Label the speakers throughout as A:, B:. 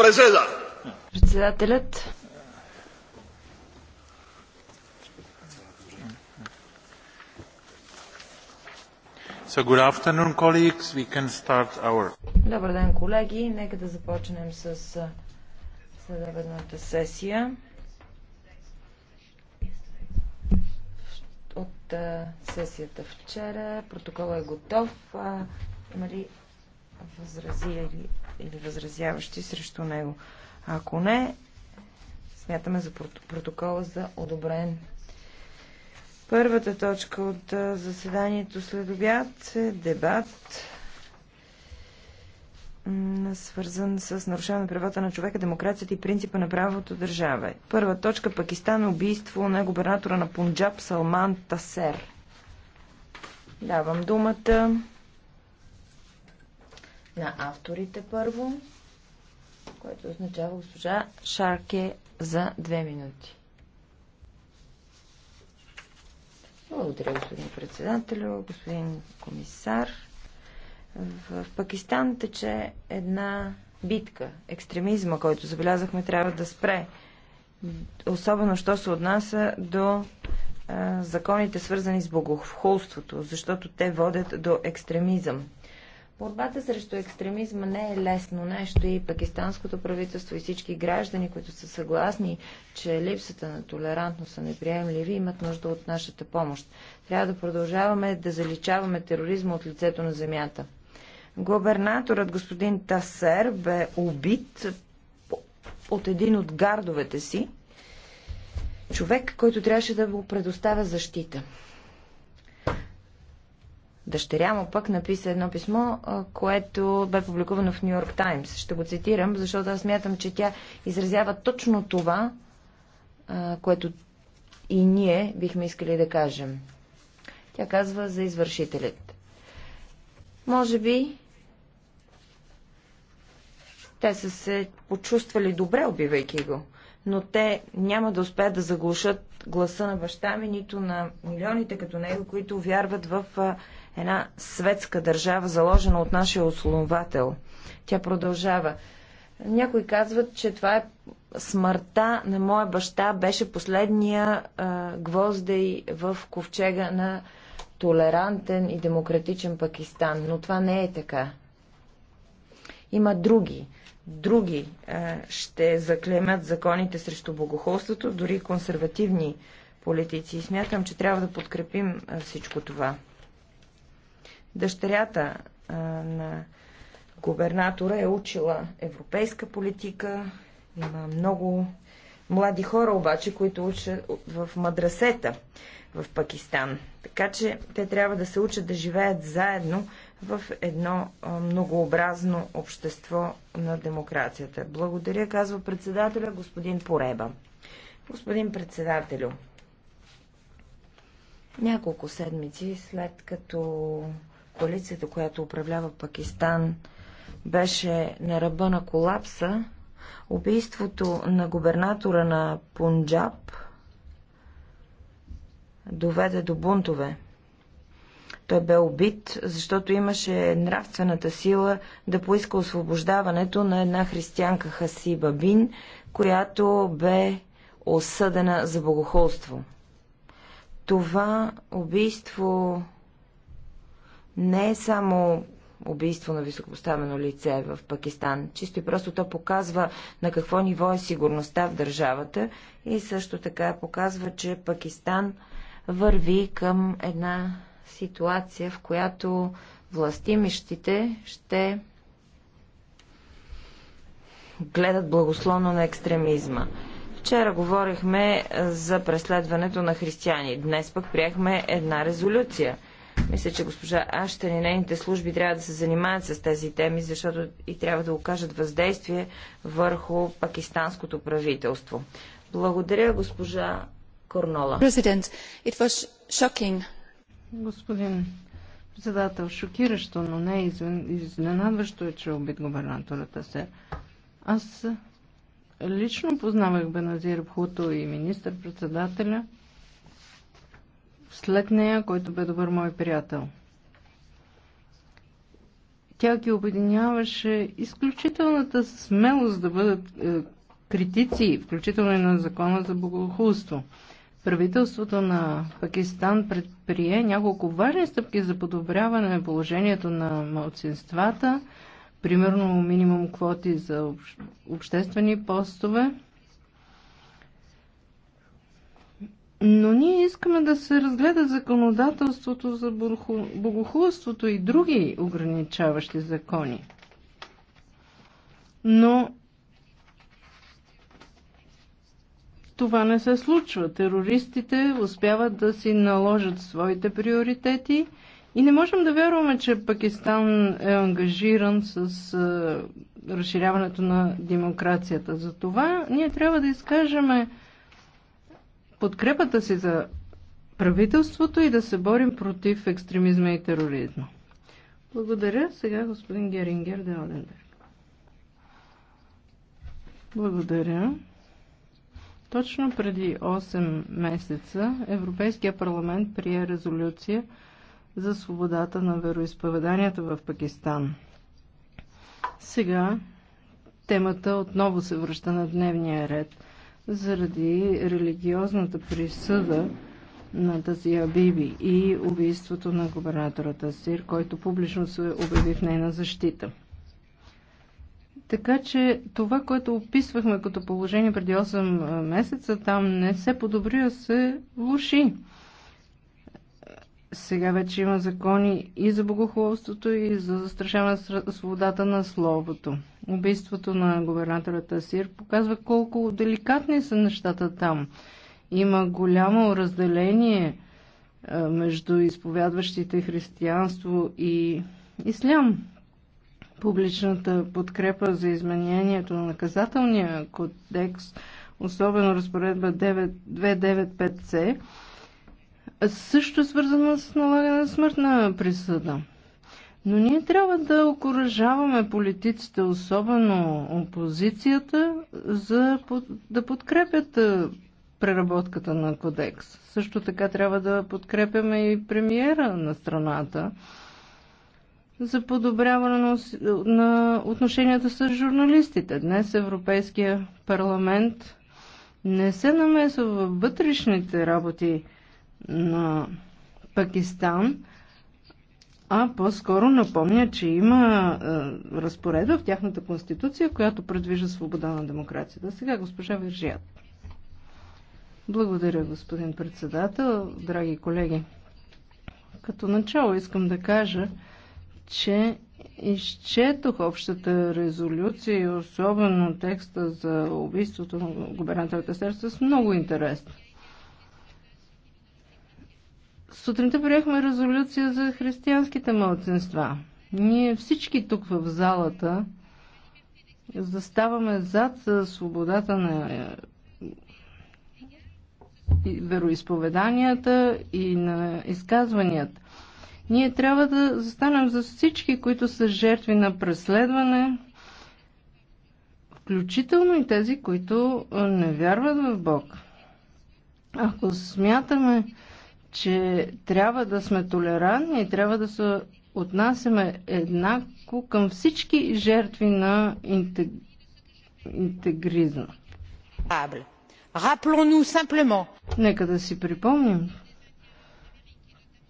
A: преседа. Председателят.
B: So good afternoon, colleagues. We can start our...
A: Добър ден, колеги. Нека да започнем с следобедната сесия. От сесията вчера протоколът е готов. Има ли възрази или, или възразяващи срещу него. Ако не, смятаме за протокола за одобрен. Първата точка от заседанието след обяд е дебат свързан с нарушаване на правата на човека, демокрацията и принципа на правото държава. Първа точка Пакистан убийство на губернатора на Пунджаб Салман Тасер. Давам думата на авторите първо, което означава госпожа Шарке за две минути. Благодаря, господин председател, господин комисар. В Пакистан тече една битка. Екстремизма, който забелязахме, трябва да спре. Особено, що се отнася до законите, свързани с богохулството, защото те водят до екстремизъм. Борбата срещу екстремизма не е лесно нещо и пакистанското правителство и всички граждани, които са съгласни, че липсата на толерантност са неприемливи, имат нужда от нашата помощ. Трябва да продължаваме да заличаваме тероризма от лицето на земята. Губернаторът господин Тасер бе убит от един от гардовете си, човек, който трябваше да го предоставя защита. Дъщеря му пък написа едно писмо, което бе публикувано в Нью Йорк Таймс. Ще го цитирам, защото аз смятам, че тя изразява точно това, което и ние бихме искали да кажем. Тя казва за извършителят. Може би те са се почувствали добре, убивайки го, но те няма да успеят да заглушат гласа на баща ми, нито на милионите като него, които вярват в една светска държава, заложена от нашия основател. Тя продължава. Някои казват, че това е смъртта на моя баща беше последния а, гвоздей в ковчега на толерантен и демократичен Пакистан. Но това не е така. Има други. Други а, ще заклемят законите срещу богохолството, дори консервативни политици. И смятам, че трябва да подкрепим а, всичко това. Дъщерята а, на губернатора е учила европейска политика. Има много млади хора обаче, които учат в мадрасета в Пакистан. Така че те трябва да се учат да живеят заедно в едно многообразно общество на демокрацията. Благодаря, казва председателя господин Пореба. Господин председателю, няколко седмици след като коалицията, която управлява Пакистан, беше на ръба на колапса, убийството на губернатора на Пунджаб доведе до бунтове. Той бе убит, защото имаше нравствената сила да поиска освобождаването на една християнка Хаси Бабин, която бе осъдена за богохулство. Това убийство не е само убийство на високопоставено лице в Пакистан. Чисто и просто то показва на какво ниво е сигурността в държавата и също така показва, че Пакистан върви към една ситуация, в която властимищите ще гледат благословно на екстремизма. Вчера говорихме за преследването на християни. Днес пък приехме една резолюция – мисля, че госпожа Аштен и нейните служби трябва да се занимават с тези теми, защото и трябва да окажат въздействие върху пакистанското правителство. Благодаря, госпожа Корнола.
B: Господин председател, шокиращо, но не изненадващо е, че е убит губернатората се. Аз лично познавах Беназир Пхуто и министър-председателя – след нея, който бе добър мой приятел. Тя ги обединяваше изключителната смелост да бъдат е, критици, включително и на закона за богохулство. Правителството на Пакистан предприе няколко важни стъпки за подобряване на положението на малцинствата, примерно минимум квоти за обществени постове, Но ние искаме да се разгледа законодателството за богохулството и други ограничаващи закони. Но това не се случва. Терористите успяват да си наложат своите приоритети и не можем да вярваме, че Пакистан е ангажиран с разширяването на демокрацията. За това ние трябва да изкажеме подкрепата си за правителството и да се борим против екстремизма и тероризма. Благодаря. Сега господин Герингер де Оденберг. Благодаря. Точно преди 8 месеца Европейския парламент прие резолюция за свободата на вероисповеданията в Пакистан. Сега темата отново се връща на дневния ред – заради религиозната присъда на Тазия Биби и убийството на губернатора Тасир, който публично се обяви в нейна защита. Така че това, което описвахме като положение преди 8 месеца, там не се подобри, а се влуши. Сега вече има закони и за богохулството, и за застрашаване на свободата на словото. Убийството на губернатората Сир показва колко деликатни са нещата там. Има голямо разделение е, между изповядващите християнство и ислям. Публичната подкрепа за изменението на наказателния кодекс, особено разпоредба 295C, също е свързана с налагане на смъртна присъда. Но ние трябва да окоръжаваме политиците, особено опозицията, за да подкрепят преработката на кодекс. Също така трябва да подкрепяме и премиера на страната за подобряване на отношенията с журналистите. Днес Европейския парламент не се намесва във вътрешните работи на Пакистан, а по-скоро напомня, че има е, разпоредба в тяхната конституция, която предвижда свобода на демокрацията. Сега госпожа Вержият. Благодаря, господин председател, драги колеги. Като начало искам да кажа, че изчетох общата резолюция и особено текста за убийството на губернаторите Сърца с много интересно. Сутринта приехме резолюция за християнските младсинства. Ние всички тук в залата заставаме зад свободата на е, вероисповеданията и на изказванията. Ние трябва да застанем за всички, които са жертви на преследване, включително и тези, които е, не вярват в Бог. Ако смятаме, че трябва да сме толерантни и трябва да се отнасяме еднакво към всички жертви на интег... интегризма. Нека да си припомним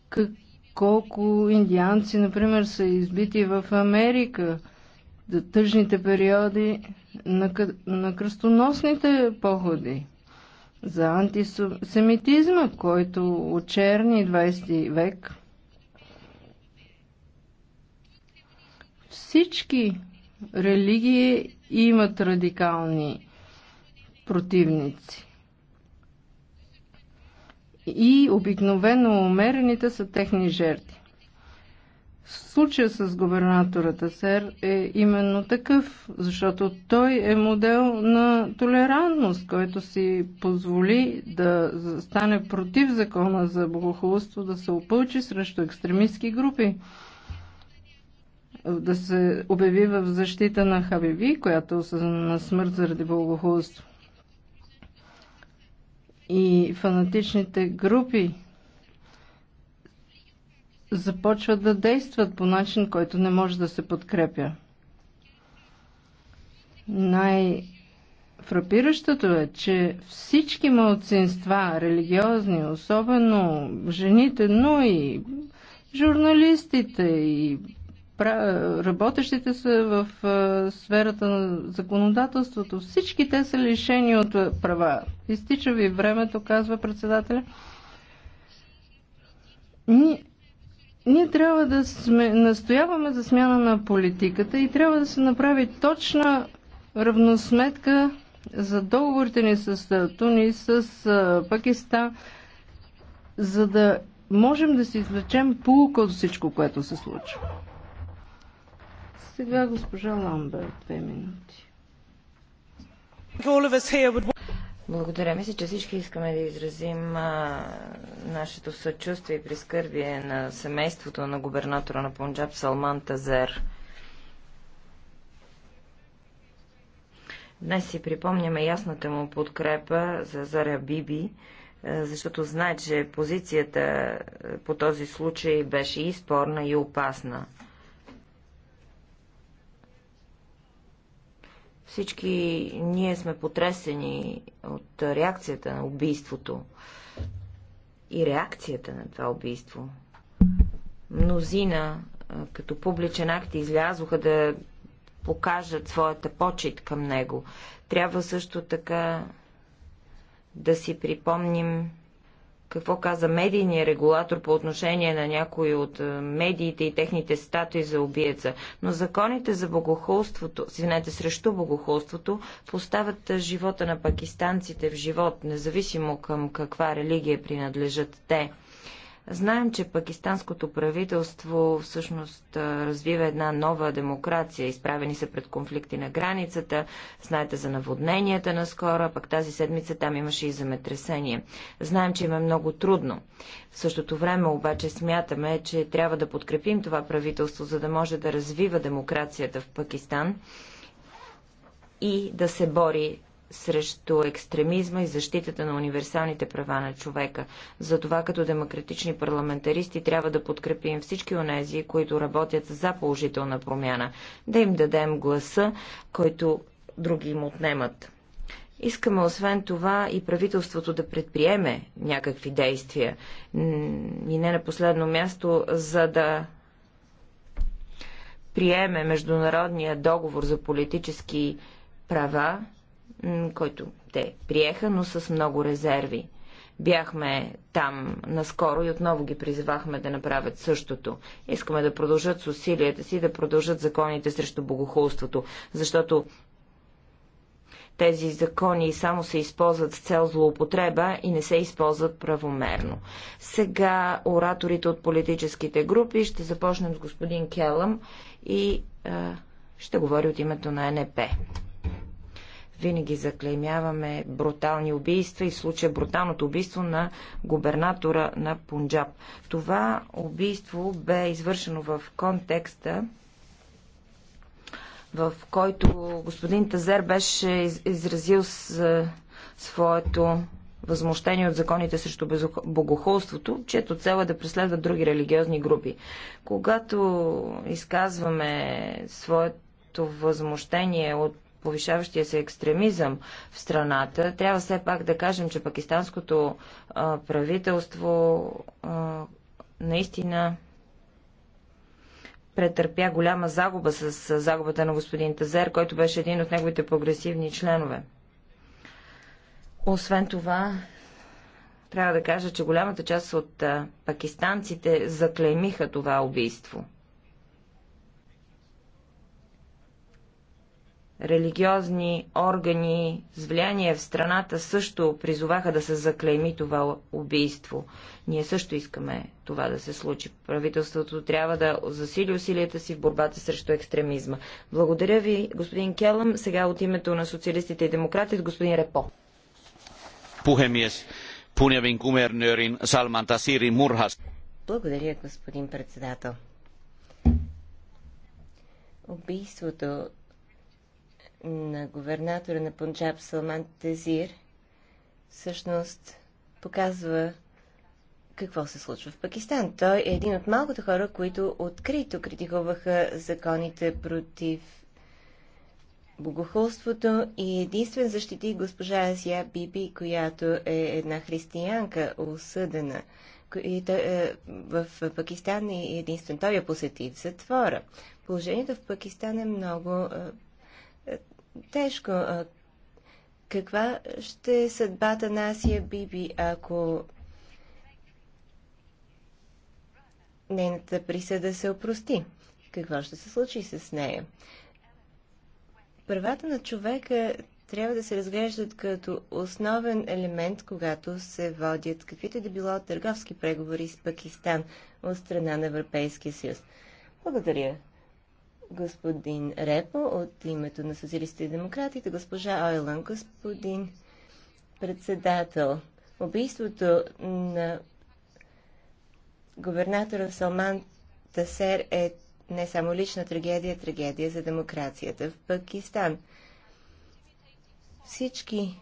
B: как, колко индианци, например, са избити в Америка, да тъжните периоди на, на кръстоносните походи – за антисемитизма, който очерни 20 век. Всички религии имат радикални противници. И обикновено умерените са техни жертви случая с губернаторът Асер е именно такъв, защото той е модел на толерантност, който си позволи да стане против закона за богохулство, да се опълчи срещу екстремистски групи, да се обяви в защита на Хабиби, която е осъзнана смърт заради богохулство. И фанатичните групи започват да действат по начин, който не може да се подкрепя. Най-фрапиращото е, че всички младсинства, религиозни, особено жените, но и журналистите и работещите са в сферата на законодателството, всички те са лишени от права. Изтича ви времето, казва председателя. Ние трябва да сме, настояваме за смяна на политиката и трябва да се направи точна равносметка за договорите ни с Тунис, с Пакистан, за да можем да си извлечем полука от всичко, което се случва. Сега госпожа Ламбер, две минути. Благодаря.
A: Мисля, че всички искаме да изразим а, нашето съчувствие и прискърбие на семейството на губернатора на Пунджаб Салман Тазер. Днес си припомняме ясната му подкрепа за Заря Биби, защото знае, че позицията по този случай беше и спорна, и опасна. Всички ние сме потресени от реакцията на убийството и реакцията на това убийство. Мнозина като публичен акт излязоха да покажат своята почет към него. Трябва също така да си припомним какво каза медийния регулатор по отношение на някои от е, медиите и техните статуи за убиеца. Но законите за богохулството, извинете, срещу богохулството, поставят е, живота на пакистанците в живот, независимо към каква религия принадлежат те. Знаем, че пакистанското правителство всъщност развива една нова демокрация. Изправени са пред конфликти на границата. Знаете за наводненията наскоро, пък тази седмица там имаше и земетресение. Знаем, че им е много трудно. В същото време обаче смятаме, че трябва да подкрепим това правителство, за да може да развива демокрацията в Пакистан и да се бори срещу екстремизма и защитата на универсалните права на човека. Затова като демократични парламентаристи трябва да подкрепим всички онези, които работят за положителна промяна, да им дадем гласа, който други им отнемат. Искаме освен това и правителството да предприеме някакви действия. И не на последно място, за да приеме Международния договор за политически права, който те приеха, но с много резерви. Бяхме там наскоро и отново ги призвахме да направят същото. Искаме да продължат с усилията си, да продължат законите срещу богохулството, защото тези закони само се използват с цел злоупотреба и не се използват правомерно. Сега ораторите от политическите групи ще започнем с господин Келъм и а, ще говори от името на НП. Винаги заклеймяваме брутални убийства и случая бруталното убийство на губернатора на Пунджаб. Това убийство бе извършено в контекста в който господин Тазер беше изразил с, своето възмущение от законите срещу богохулството, чието цел е да преследват други религиозни групи. Когато изказваме своето възмущение от повишаващия се екстремизъм в страната, трябва все пак да кажем, че пакистанското а, правителство а, наистина претърпя голяма загуба с загубата на господин Тазер, който беше един от неговите прогресивни членове. Освен това, трябва да кажа, че голямата част от пакистанците заклеймиха това убийство. религиозни органи с влияние в страната също призоваха да се заклейми това убийство. Ние също искаме това да се случи. Правителството трябва да засили усилията си в борбата срещу екстремизма. Благодаря ви, господин Келъм. Сега от името на социалистите и демократите, господин Репо.
B: Пухемиес, Пунявин гумернерин Салман Тасири Мурхас.
C: Благодаря, господин председател. Убийството на губернатора на Пунджаб Салман Тезир всъщност показва какво се случва в Пакистан. Той е един от малкото хора, които открито критикуваха законите против богохулството и единствен защити госпожа Асия Биби, която е една християнка, осъдена той, е, в Пакистан е единствен. Той я посети в затвора. Положението в Пакистан е много е, тежко. Каква ще е съдбата на Асия Биби, ако нейната присъда се опрости? Какво ще се случи с нея? Правата на човека трябва да се разглеждат като основен елемент, когато се водят каквито да било търговски преговори с Пакистан от страна на Европейския съюз. Благодаря господин Репо от името на социалистите и демократите, госпожа Ойлан, господин председател. Убийството на губернатора Салман Тасер е не само лична трагедия, трагедия за демокрацията в Пакистан. Всички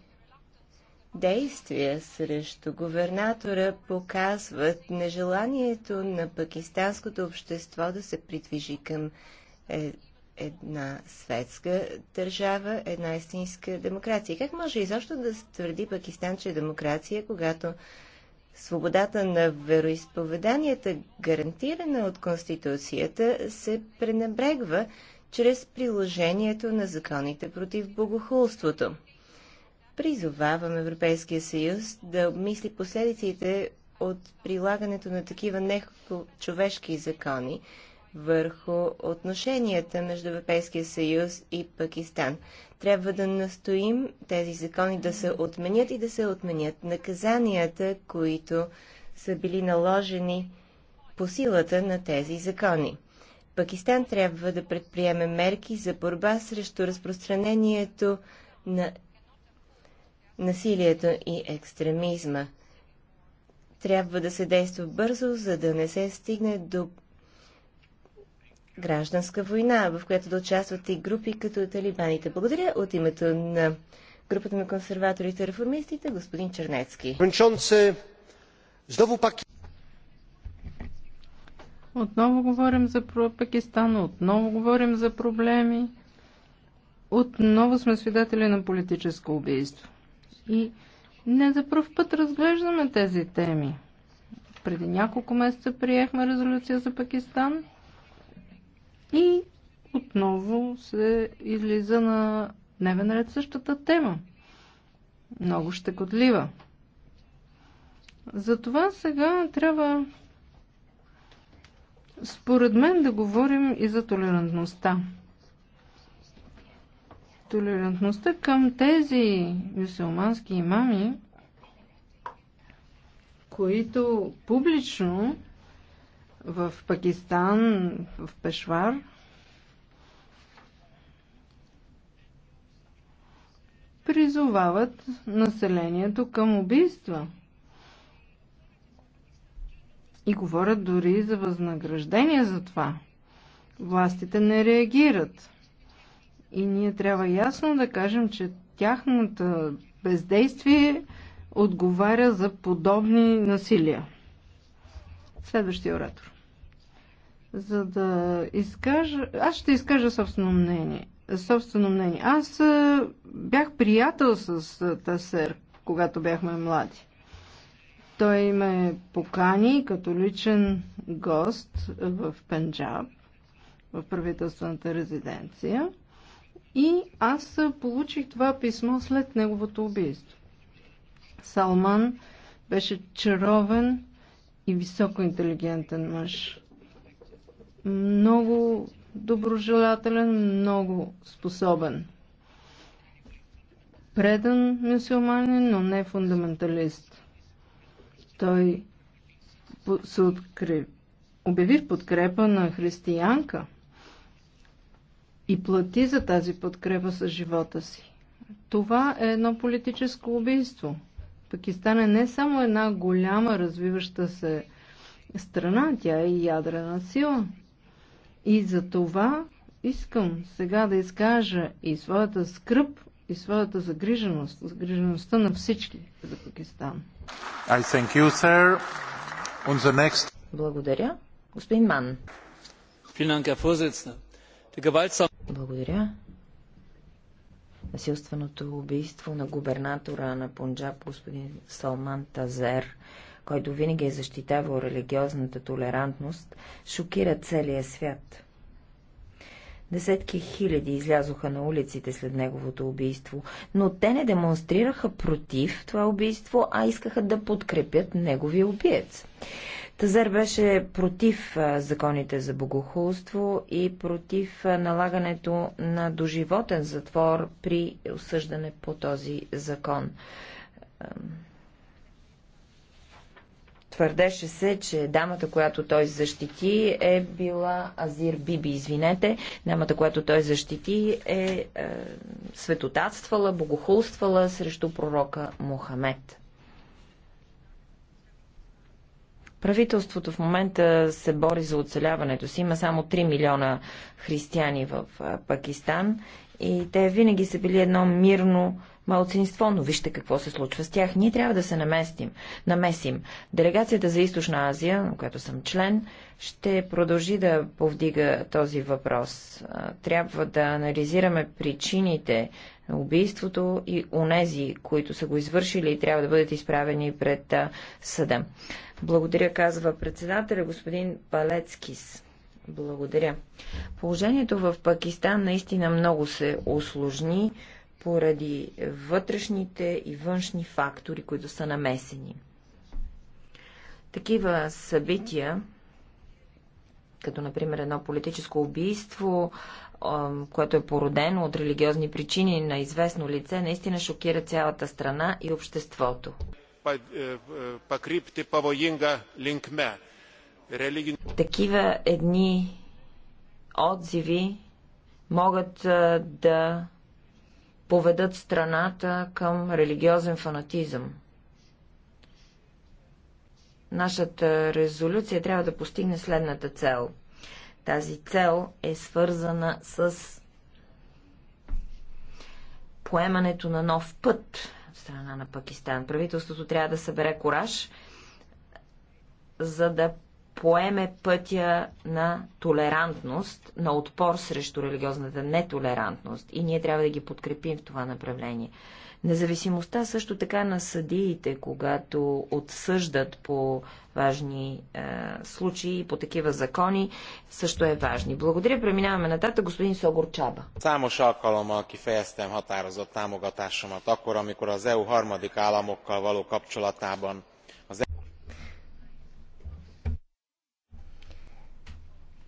C: действия срещу губернатора показват нежеланието на пакистанското общество да се придвижи към е една светска държава, една истинска демокрация. Как може изобщо да твърди Пакистан, че е демокрация, когато свободата на вероисповеданията, гарантирана от Конституцията, се пренебрегва чрез приложението на законите против богохулството? Призовавам Европейския съюз да обмисли последиците от прилагането на такива нехо човешки закони, върху отношенията между Европейския съюз и Пакистан. Трябва да настоим тези закони да се отменят и да се отменят наказанията, които са били наложени по силата на тези закони. Пакистан трябва да предприеме мерки за борба срещу разпространението на насилието и екстремизма. Трябва да се действа бързо, за да не се стигне до гражданска война, в която да участват и групи като талибаните. Благодаря от името на групата на консерваторите и реформистите, господин Чернецки.
B: Отново говорим за Пакистан, отново говорим за проблеми, отново сме свидетели на политическо убийство. И не за първ път разглеждаме тези теми. Преди няколко месеца приехме резолюция за Пакистан – и отново се излиза на дневен ред същата тема. Много щекотлива. Затова сега трябва, според мен, да говорим и за толерантността. Толерантността към тези мюсюлмански имами, които публично в Пакистан, в Пешвар. призовават населението към убийства. И говорят дори за възнаграждение за това. Властите не реагират. И ние трябва ясно да кажем, че тяхното бездействие отговаря за подобни насилия. Следващия оратор. За да изкажа... Аз ще изкажа собствено мнение. Собствено мнение. Аз бях приятел с Тасер, когато бяхме млади. Той ме покани като личен гост в Пенджаб, в правителствената резиденция. И аз получих това писмо след неговото убийство. Салман беше чаровен и високо интелигентен мъж. Много доброжелателен, много способен. Предан мюсюлманин, но не фундаменталист. Той се открепи обяви в подкрепа на християнка и плати за тази подкрепа с живота си. Това е едно политическо убийство – Пакистан е не само една голяма развиваща се страна, тя е и ядрена сила. И за това искам сега да изкажа и своята скръп, и своята загриженост, загрижеността на всички за Пакистан. I thank you, sir. On the next...
A: Благодаря. Господин Ман. Благодаря насилственото убийство на губернатора на Пунджаб, господин Салман Тазер, който винаги е защитавал религиозната толерантност, шокира целия свят. Десетки хиляди излязоха на улиците след неговото убийство, но те не демонстрираха против това убийство, а искаха да подкрепят неговия убиец. Тазер беше против законите за богохулство и против налагането на доживотен затвор при осъждане по този закон. Твърдеше се, че дамата, която той защити, е била Азир Биби, извинете. Дамата, която той защити, е, е светотатствала, богохулствала срещу пророка Мохамед. Правителството в момента се бори за оцеляването си. Има само 3 милиона християни в Пакистан и те винаги са били едно мирно малцинство, но вижте какво се случва с тях. Ние трябва да се наместим, намесим. Делегацията за Източна Азия, на която съм член, ще продължи да повдига този въпрос. Трябва да анализираме причините на убийството и онези, които са го извършили и трябва да бъдат изправени пред съда. Благодаря, казва председателя господин Палецкис. Благодаря. Положението в Пакистан наистина много се осложни поради вътрешните и външни фактори, които са намесени. Такива събития, като например едно политическо убийство, което е породено от религиозни причини на известно лице, наистина шокира цялата страна и обществото.
C: Е, е,
A: Такива едни отзиви могат да поведат страната към религиозен фанатизъм. Нашата резолюция трябва да постигне следната цел. Тази цел е свързана с поемането на нов път в страна на Пакистан. Правителството трябва да събере кораж, за да поеме пътя на толерантност, на отпор срещу религиозната нетолерантност. И ние трябва да ги подкрепим в това направление. Независимостта също така на съдиите, когато отсъждат по важни е, случаи, по такива закони, също е важни. Благодаря. Преминаваме нататък господин Согор Чаба.
B: Számos alkalommal kifejeztem határozott támogatásomat akkor, amikor az EU harmadik államokkal való kapcsolatában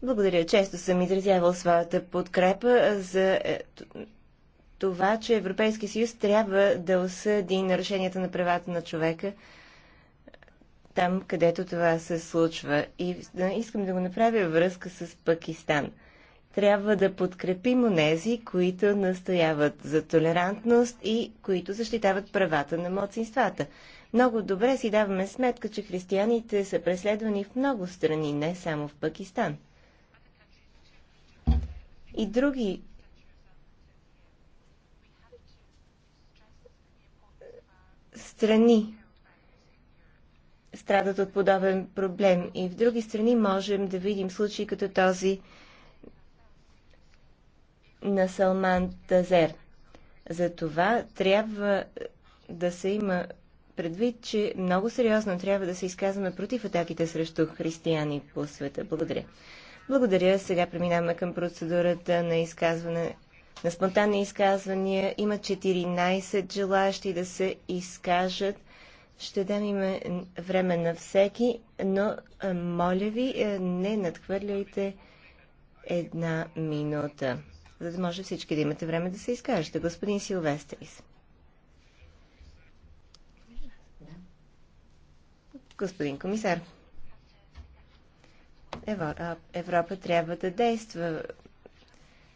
C: Благодаря. Често съм изразявал своята подкрепа за е, това, че Европейския съюз трябва да осъди нарушенията на правата на човека там, където това се случва. И искам да го направя връзка с Пакистан. Трябва да подкрепим онези, които настояват за толерантност и които защитават правата на младсинствата. Много добре си даваме сметка, че християните са преследвани в много страни, не само в Пакистан и други е, страни страдат от подобен проблем. И в други страни можем да видим случаи като този на Салман Тазер. За това трябва да се има предвид, че много сериозно трябва да се изказваме против атаките срещу християни по света. Благодаря. Благодаря. Сега преминаваме към процедурата на изказване на спонтанни изказвания. Има 14 желаящи да се изкажат. Ще дам име време на всеки, но е, моля ви, е, не надхвърляйте една минута, за да може всички да имате време да се изкажете. Господин Силвестрис. Господин комисар. Европа, Европа трябва да действа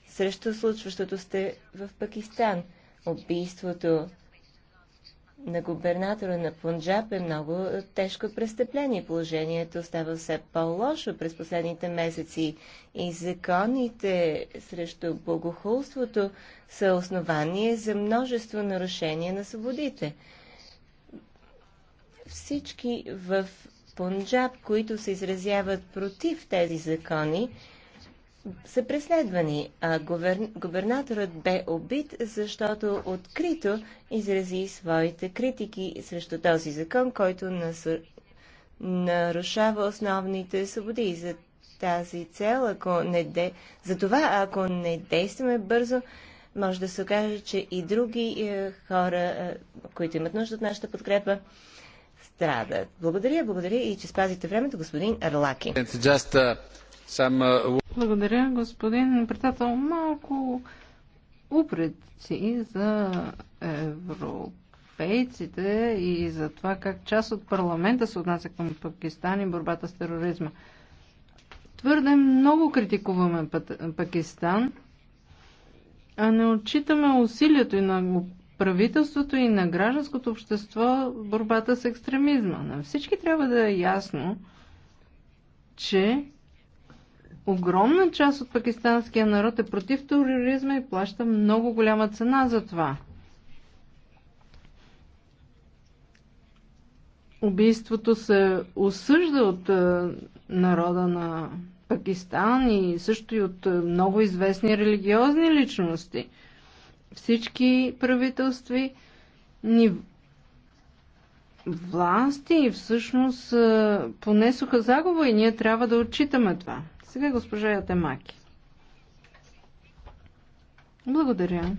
C: срещу случващото сте в Пакистан. Убийството на губернатора на Пунджаб е много тежко престъпление. Положението става все по-лошо през последните месеци и законите срещу богохулството са основание за множество нарушения на свободите. Всички в Пунджаб, които се изразяват против тези закони, са преследвани, а губернаторът бе убит, защото открито изрази своите критики срещу този закон, който нарушава основните свободи. За тази цел, ако не де... за това, ако не действаме бързо, може да се окаже, че и други е, хора, е, които имат нужда от нашата подкрепа, страдат. Благодаря, благодаря и че спазите времето, господин Арлаки.
B: Uh, uh, благодаря, господин председател. Малко упреци за европейците и за това как част от парламента се отнася към Пакистан и борбата с тероризма. Твърде много критикуваме Пакистан, а не отчитаме усилието и на правителството и на гражданското общество борбата с екстремизма. На всички трябва да е ясно, че огромна част от пакистанския народ е против тероризма и плаща много голяма цена за това. Убийството се осъжда от е, народа на Пакистан и също и от е, много известни религиозни личности – всички правителстви ни власти и всъщност понесоха загуба и ние трябва да отчитаме това. Сега госпожа Ятемаки. Благодаря.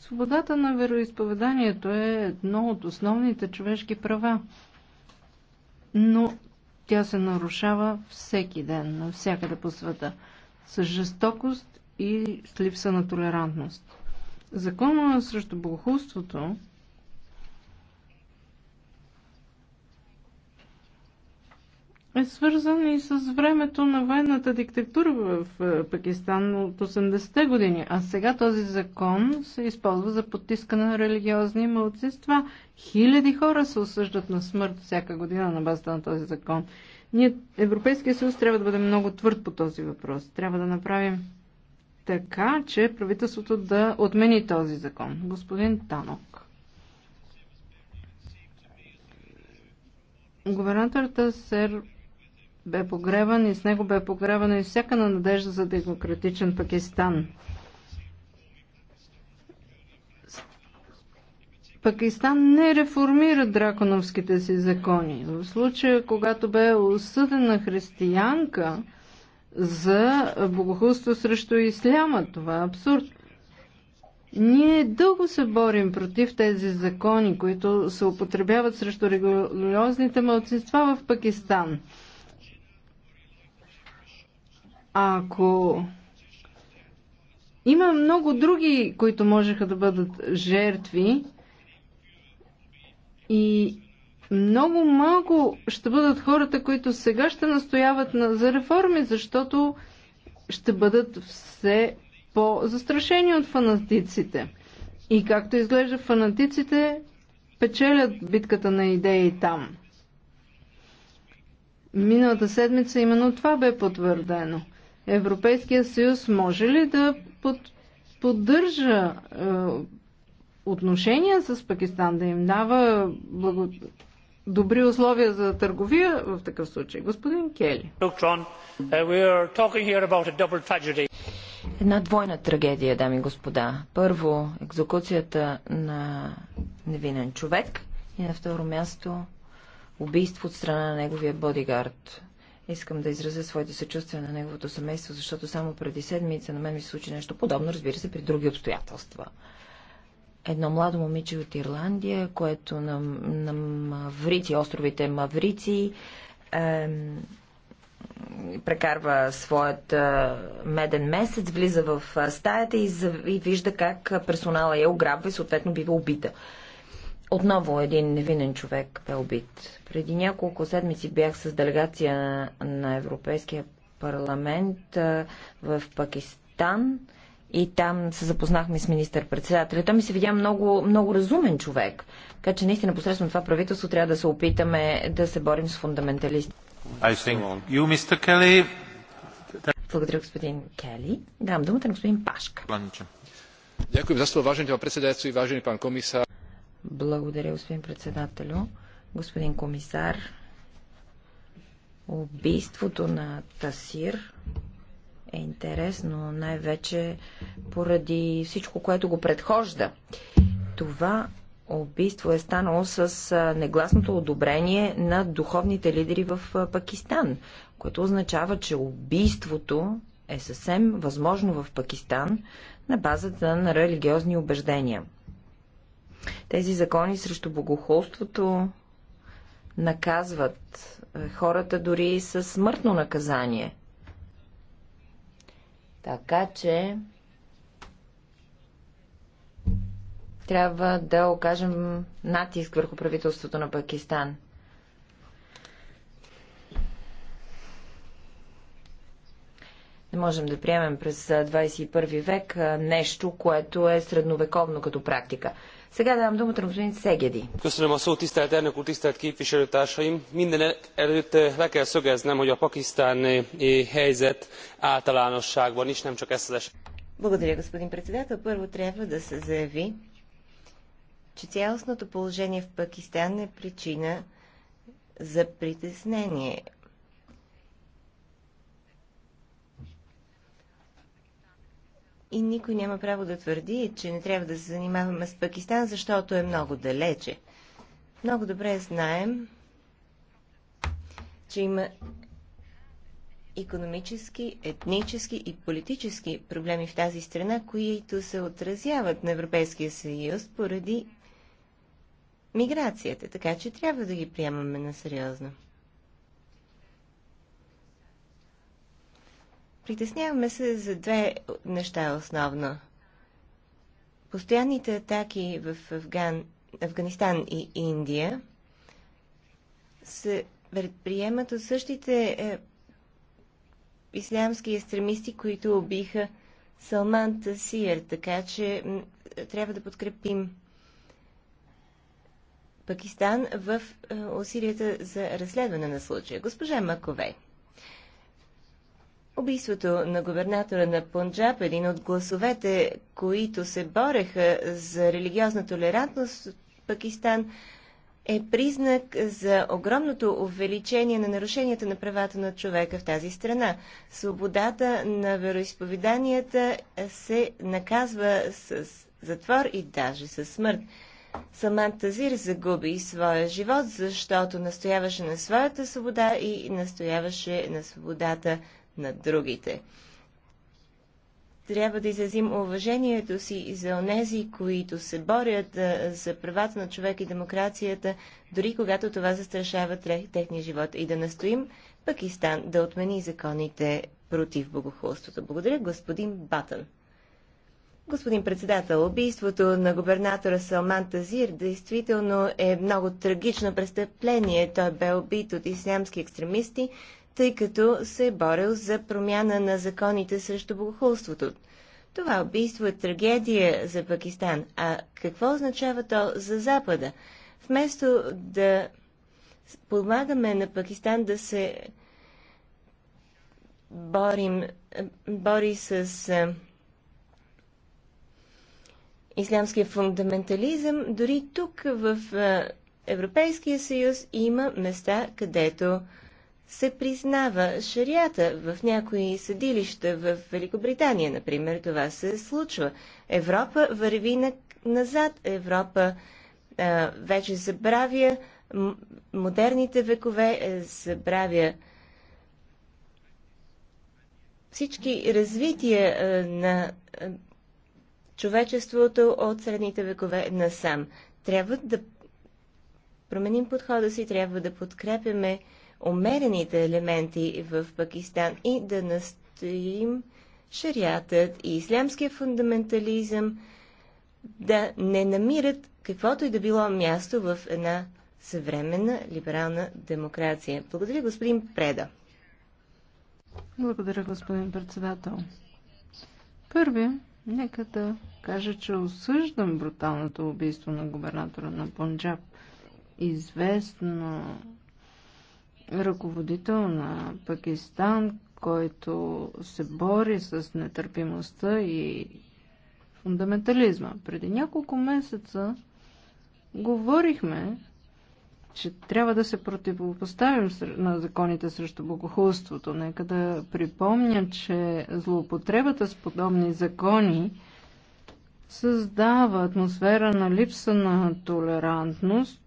B: Свободата на вероисповеданието е едно от основните човешки права, но тя се нарушава всеки ден, навсякъде по света, с жестокост и с липса на толерантност. Закона срещу богохулството е свързан и с времето на военната диктатура в е, Пакистан от 80-те години. А сега този закон се използва за потискане на религиозни мълцинства. Хиляди хора се осъждат на смърт всяка година на базата на този закон. Ние, Европейския съюз, трябва да бъдем много твърд по този въпрос. Трябва да направим така, че правителството да отмени този закон. Господин Танок. Губернаторът Сер бе погребан и с него бе погребана и всяка на надежда за демократичен Пакистан. Пакистан не реформира драконовските си закони. В случая, когато бе осъдена християнка, за богохулство срещу исляма. Това е абсурд. Ние дълго се борим против тези закони, които се употребяват срещу религиозните мълцинства в Пакистан. Ако има много други, които можеха да бъдат жертви и много малко ще бъдат хората, които сега ще настояват на, за реформи, защото ще бъдат все по-застрашени от фанатиците. И както изглежда фанатиците, печелят битката на идеи там. Миналата седмица именно това бе потвърдено. Европейския съюз може ли да под, поддържа е, отношения с Пакистан, да им дава благо, добри условия за търговия в такъв случай. Господин Кели. Uh,
A: Една двойна трагедия, дами и господа. Първо, екзекуцията на невинен човек и на второ място убийство от страна на неговия бодигард. Искам да изразя своите съчувствия на неговото семейство, защото само преди седмица на мен ми се случи нещо подобно, разбира се, при други обстоятелства едно младо момиче от Ирландия, което на, на Маврици, островите Маврици, е, прекарва своят е, меден месец, влиза в е, стаята и, и вижда как персонала я ограбва и съответно бива убита. Отново един невинен човек бе убит. Преди няколко седмици бях с делегация на Европейския парламент е, в Пакистан и там се запознахме с министър-председателя. Той ми се видя много, много разумен човек. Така че наистина посредством това правителство трябва да се опитаме да се борим с фундаменталисти. Благодаря, господин Кели. Дам думата на господин Пашка.
B: Дякую
C: за слово, важен председател и важен пан комисар.
A: Благодаря, господин председателю. Господин комисар, убийството на Тасир е интересно, най-вече поради всичко, което го предхожда. Това убийство е станало с негласното одобрение на духовните лидери в Пакистан, което означава, че убийството е съвсем възможно в Пакистан на базата на религиозни убеждения. Тези закони срещу богохулството наказват хората дори със смъртно наказание – така че трябва да окажем натиск върху правителството на Пакистан. Не можем да приемем през 21 век нещо, което е средновековно като практика. Сега давам думата на господин Сегеди.
B: Köszönöm a szót, tisztelt elnök úr, tisztelt képviselőtársaim! Minden előtt le kell szögeznem, hogy a pakisztáni helyzet általánosságban is, nem csak ezt az eset.
C: Благодаря, господин председател. Първо трябва да се заяви, че цялостното положение в Пакистан е причина за притеснение и никой няма право да твърди, че не трябва да се занимаваме с Пакистан, защото е много далече. Много добре знаем, че има економически, етнически и политически проблеми в тази страна, които се отразяват на Европейския съюз поради миграцията, така че трябва да ги приемаме на сериозно. Притесняваме се за две неща основно. Постоянните атаки в Афган, Афганистан и Индия се предприемат от същите е, ислямски екстремисти, които убиха Салман Тасир, така че трябва да подкрепим Пакистан в е, усилията за разследване на случая. Госпожа Маковей. Убийството на губернатора на Пунджаб, един от гласовете, които се бореха за религиозна толерантност в Пакистан, е признак за огромното увеличение на нарушенията на правата на човека в тази страна. Свободата на вероисповеданията се наказва с затвор и даже със смърт. Саман Тазир загуби своя живот, защото настояваше на своята свобода и настояваше на свободата на другите. Трябва да изразим уважението си за онези, които се борят за правата на човек и демокрацията, дори когато това застрашава техния живот. И да настоим Пакистан да отмени законите против богохулството. Благодаря, господин Батън. Господин председател, убийството на губернатора Салман Тазир действително е много трагично престъпление. Той бе убит от ислямски екстремисти тъй като се е борил за промяна на законите срещу богохулството. Това убийство е трагедия за Пакистан. А какво означава то за Запада? Вместо да помагаме на Пакистан да се борим, бори с ислямския фундаментализъм, дори тук в Европейския съюз има места, където се признава шарията в някои съдилища в Великобритания, например, това се случва. Европа върви на, назад. Европа а, вече забравя модерните векове, е, забравя всички развития а, на а, човечеството от средните векове насам. Трябва да променим подхода си, трябва да подкрепяме умерените елементи в Пакистан и да настоим шариатът и ислямския фундаментализъм да не намират каквото и да било място в една съвременна либерална демокрация. Благодаря, господин Преда.
B: Благодаря, господин председател. Първи, нека да кажа, че осъждам бруталното убийство на губернатора на Пунджаб. Известно ръководител на Пакистан, който се бори с нетърпимостта и фундаментализма. Преди няколко месеца говорихме, че трябва да се противопоставим на законите срещу богохулството. Нека да припомня, че злоупотребата с подобни закони създава атмосфера на липса на толерантност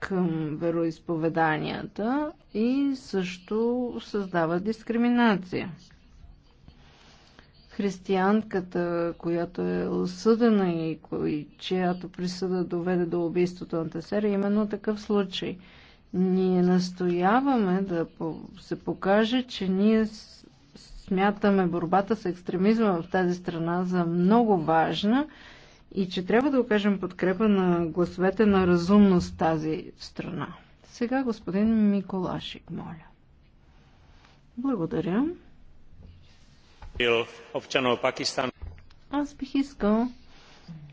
B: към вероисповеданията и също създава дискриминация. Християнката, която е осъдена и чиято присъда доведе до убийството на Тесера, е именно такъв случай. Ние настояваме да се покаже, че ние смятаме борбата с екстремизма в тази страна за много важна и че трябва да окажем подкрепа на гласовете на разумност тази страна. Сега господин Миколашик, моля. Благодаря. Аз бих искал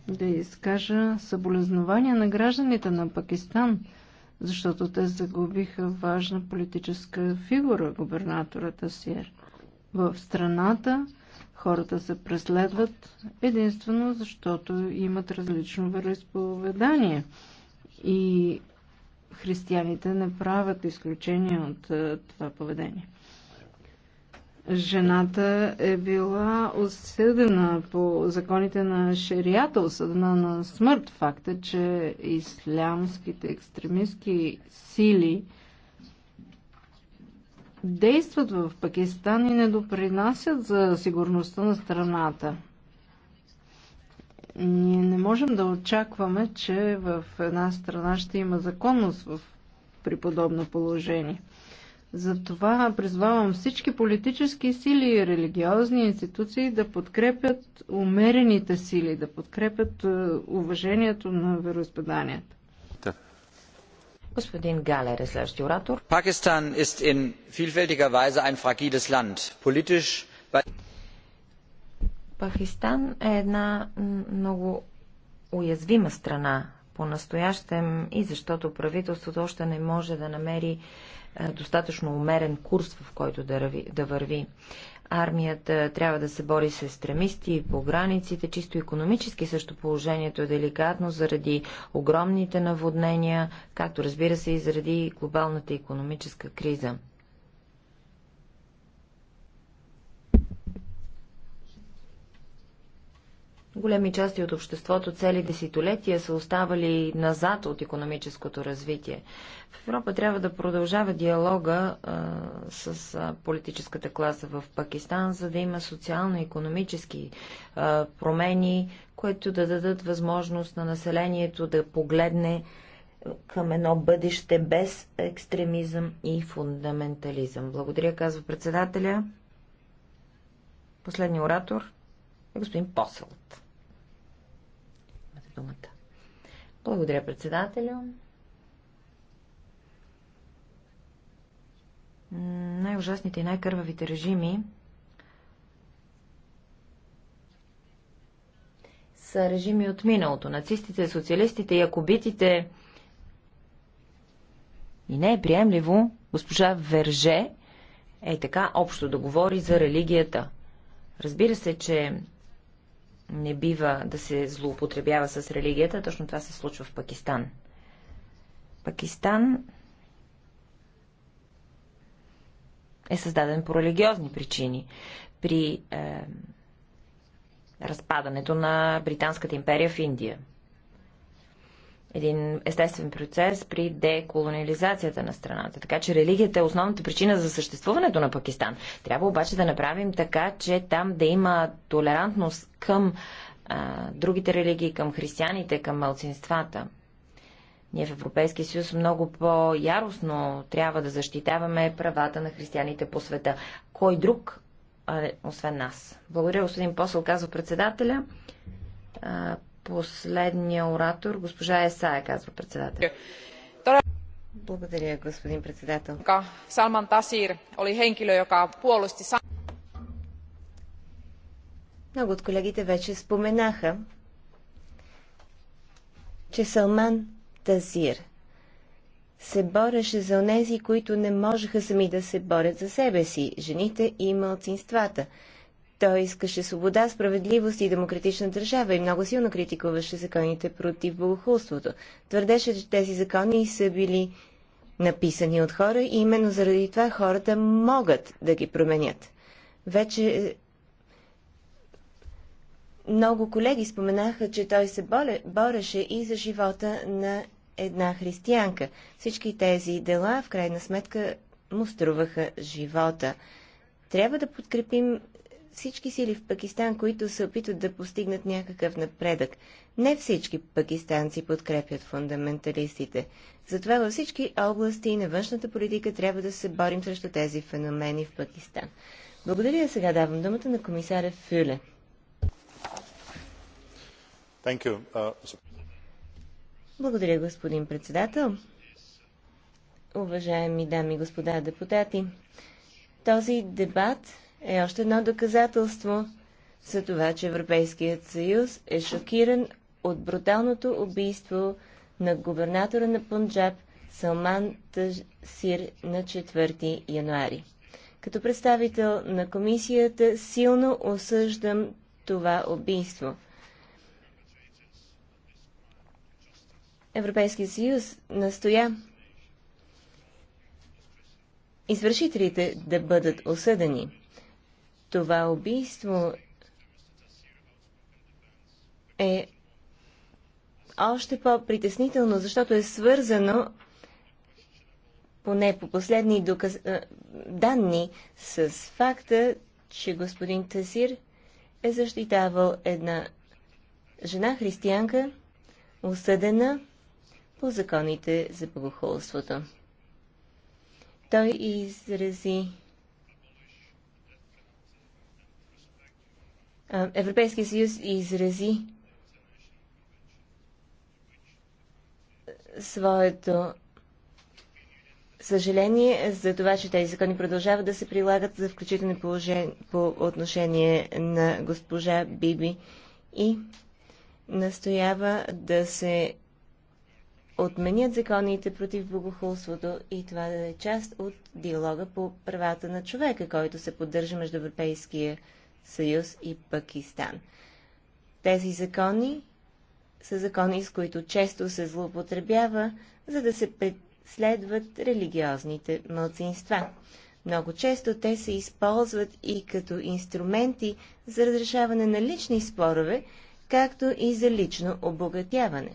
B: да изкажа съболезнования на гражданите на Пакистан, защото те загубиха важна политическа фигура, губернатората Сиер. В страната Хората се преследват единствено защото имат различно вероисповедание. И християните не правят изключение от това поведение. Жената е била осъдена по законите на шерията, осъдена на смърт. Факта, е, че ислямските екстремистски сили действат в Пакистан и не допринасят за сигурността на страната. Ние не можем да очакваме, че в една страна ще има законност в, при подобно положение. Затова призвавам всички политически сили и религиозни институции да подкрепят умерените сили, да подкрепят е, уважението на вероизпаданията. Господин Галер е следващия оратор. Пакистан ist in vielfältiger Weise ein fragiles Land. Politisch...
A: Пакистан е една много уязвима страна по-настоящем и защото правителството още не може да намери е, достатъчно умерен курс, в който да, върви. Армията трябва да се бори с екстремисти и по границите. Чисто економически също положението е деликатно заради огромните наводнения, както разбира се и заради глобалната економическа криза. Големи части от обществото цели десетилетия са оставали назад от економическото развитие. В Европа трябва да продължава диалога а, с политическата класа в Пакистан, за да има социално-економически промени, които да дадат възможност на населението да погледне към едно бъдеще без екстремизъм и фундаментализъм. Благодаря, казва председателя. Последният оратор е господин Посълт думата. Благодаря, председателю. Най-ужасните и най-кървавите режими са режими от миналото. Нацистите, социалистите, якобитите. И не е приемливо госпожа Верже е така общо да говори за религията. Разбира се, че не бива да се злоупотребява с религията, точно това се случва в Пакистан. Пакистан е създаден по религиозни причини. При е, разпадането на Британската империя в Индия – един естествен процес при деколониализацията на страната. Така че религията е основната причина за съществуването на Пакистан. Трябва обаче да направим така, че там да има толерантност към а, другите религии, към християните, към малцинствата. Ние в Европейския съюз много по-яростно трябва да защитаваме правата на християните по света. Кой друг, а, освен нас? Благодаря, господин посъл, казва председателя. Последния оратор, госпожа Есая, казва председател.
C: Благодаря, господин председател.
B: Салман Тасир oli henkilö, joka puolusti...
C: Много от колегите вече споменаха, че Салман Тазир се бореше за онези, които не можеха сами да се борят за себе си – жените и малцинствата – той искаше свобода, справедливост и демократична държава и много силно критикуваше законите против богохулството. Твърдеше, че тези закони са били написани от хора и именно заради това хората могат да ги променят. Вече е, много колеги споменаха, че той се бореше и за живота на една християнка. Всички тези дела в крайна сметка му струваха живота. Трябва да подкрепим всички сили в Пакистан, които се опитват да постигнат някакъв напредък. Не всички пакистанци подкрепят фундаменталистите. Затова във всички области на външната политика трябва да се борим срещу тези феномени в Пакистан. Благодаря. Сега давам думата на комисаря Фюле.
B: Uh...
C: Благодаря, господин председател. Уважаеми дами и господа депутати, този дебат е още едно доказателство за това, че Европейският съюз е шокиран от бруталното убийство на губернатора на Пунджаб Салман Тасир на 4 януари. Като представител на комисията силно осъждам това убийство. Европейския съюз настоя извършителите да бъдат осъдени това убийство е още по-притеснително, защото е свързано поне по последни доказ... данни с факта, че господин Тасир е защитавал една жена християнка, осъдена по законите за богохулството. Той изрази Европейския съюз изрази своето съжаление за това, че тези закони продължават да се прилагат за включително положение, по отношение на госпожа Биби и настоява да се отменят законите против богохулството и това да е част от диалога по правата на човека, който се поддържа между Европейския съюз и Пакистан. Тези закони са закони, с които често се злоупотребява, за да се преследват религиозните мълцинства. Много често те се използват и като инструменти за разрешаване на лични спорове, както и за лично обогатяване.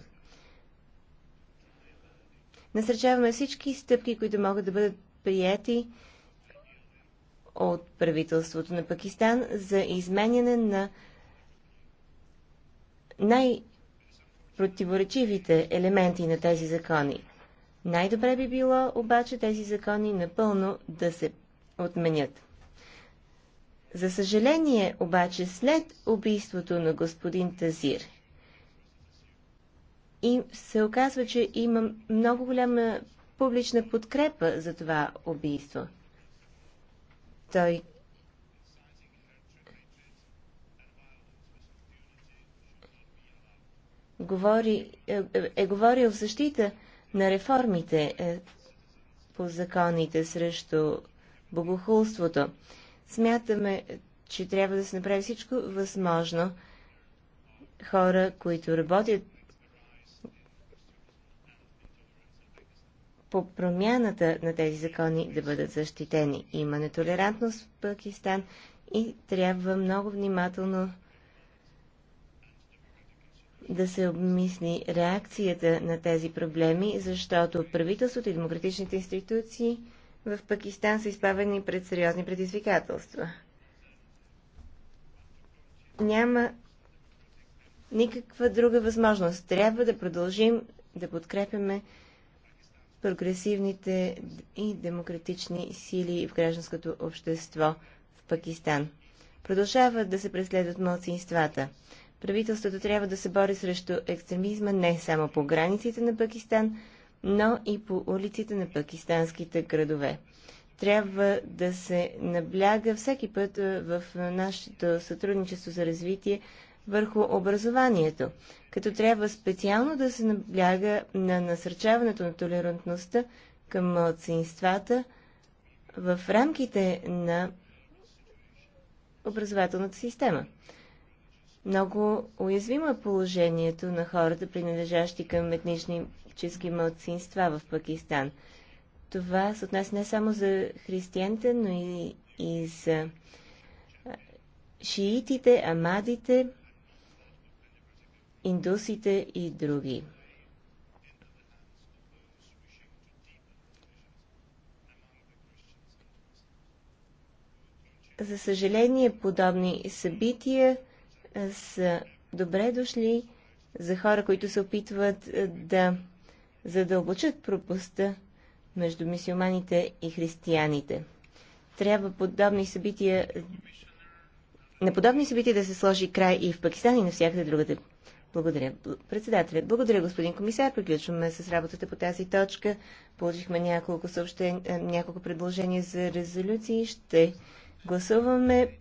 C: Насърчаваме всички стъпки, които могат да бъдат прияти от правителството на Пакистан за изменяне на най-противоречивите елементи на тези закони. Най-добре би било обаче тези закони напълно да се отменят. За съжаление, обаче, след убийството на господин Тазир, и се оказва, че има много голяма публична подкрепа за това убийство. Той говори, е, е говорил в защита на реформите е, по законите срещу богохулството. Смятаме, че трябва да се направи всичко възможно хора, които работят по промяната на тези закони да бъдат защитени. Има нетолерантност в Пакистан и трябва много внимателно да се обмисли реакцията на тези проблеми, защото правителството и демократичните институции в Пакистан са изпавени пред сериозни предизвикателства. Няма никаква друга възможност. Трябва да продължим да подкрепяме прогресивните и демократични сили в гражданското общество в Пакистан. Продължават да се преследват младсинствата. Правителството трябва да се бори срещу екстремизма не само по границите на Пакистан, но и по улиците на пакистанските градове. Трябва да се набляга всеки път в нашето сътрудничество за развитие върху образованието, като трябва специално да се набляга на насърчаването на толерантността към младсинствата в рамките на образователната система. Много уязвимо е положението на хората, принадлежащи към чески младсинства в Пакистан. Това се отнася не само за християните, но и, и за шиитите, амадите, индусите и други. За съжаление, подобни събития са добре дошли за хора, които се опитват да задълбочат пропуста между мисиоманите и християните. Трябва подобни събития на подобни събития да се сложи край и в Пакистан и на всякъде другата. Благодаря, председателят. Благодаря, господин комисар. Приключваме с работата по тази точка. Получихме няколко, съобщен... няколко предложения за резолюции. Ще гласуваме по